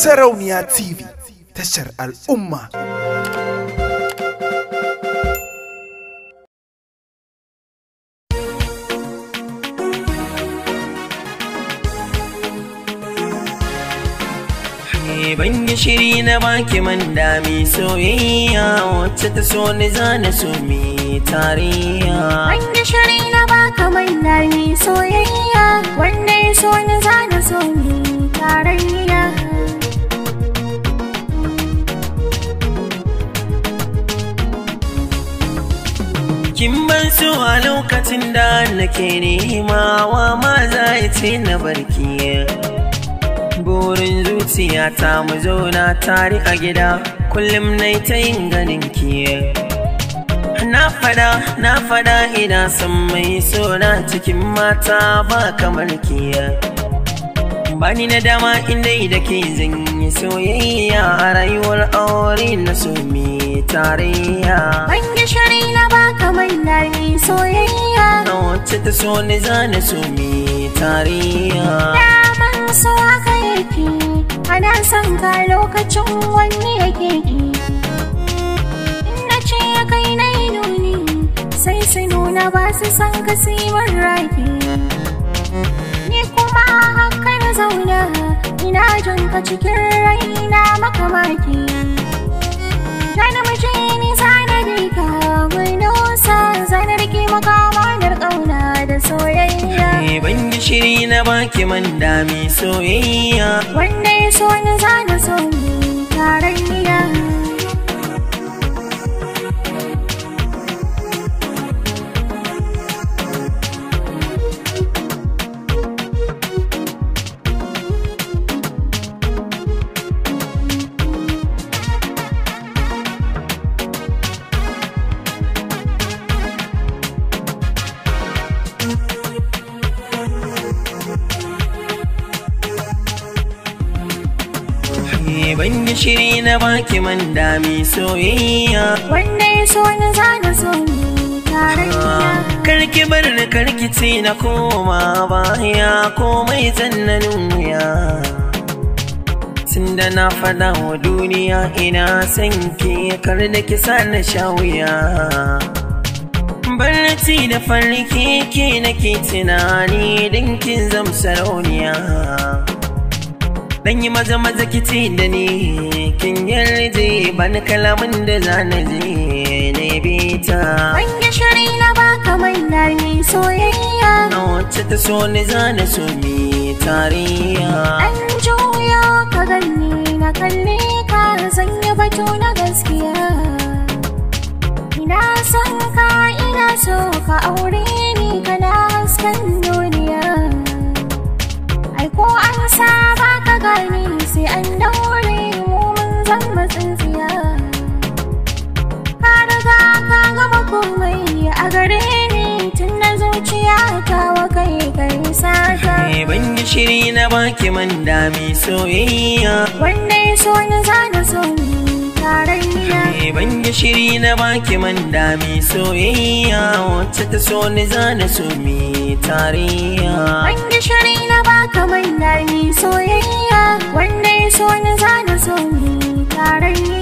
سرونيا تي في تشر الأمة بنج شيرين باك من دامي سويا وتتسون زان سومي تاريخ Su a lokacin da nake nema wa maza ya ce na barki burin zuciya ta mu zauna tare a gida kullum na ta yin ganin ki na fada na fada ina son mai so na cikin mata ba kamar ki bani na dama inda da ke zan yi soyayya a rayuwar aure na so me tarayya soyayya na wacce ta so ni zane so mi tariya daman so aka yake ana son ka lokacin wani yake ki na ce ya kai na yi nuni sai su nuna ba su san ka raki. ni kuma haka zauna ina jin ka cikin raina makamaki na baki man dami soyayya wanda ya so ni zana so ni tarayya ban gishiri na baki man dami soyayya wanda ya so na so ah, karki bar ni karki ce na koma baya komai zannanin wuya tunda na faɗa wa duniya ina son ke kar da kisa na sha wuya barci da farki ke nake tunani dinkin zamsarauniya dan yi maza maza kici da ni kin yarje ban kalamin da zana je ne bita an yi shiri na baka na ni soyayya na wacce ta so ni zana so mi tariya an juya ka ganni na kalle ka zan bato na gaskiya ina son ka ina so ka aure ni kana hasken na baki man mi soyayya wanda ya so na zana so ni tarayya? nila eh, ban gishiri na baki man da mi soyayya wacce ta so ni zana so mi tarayya ban gishiri na baka man da mi soyayya wanda ya so na zana so ni tarayya.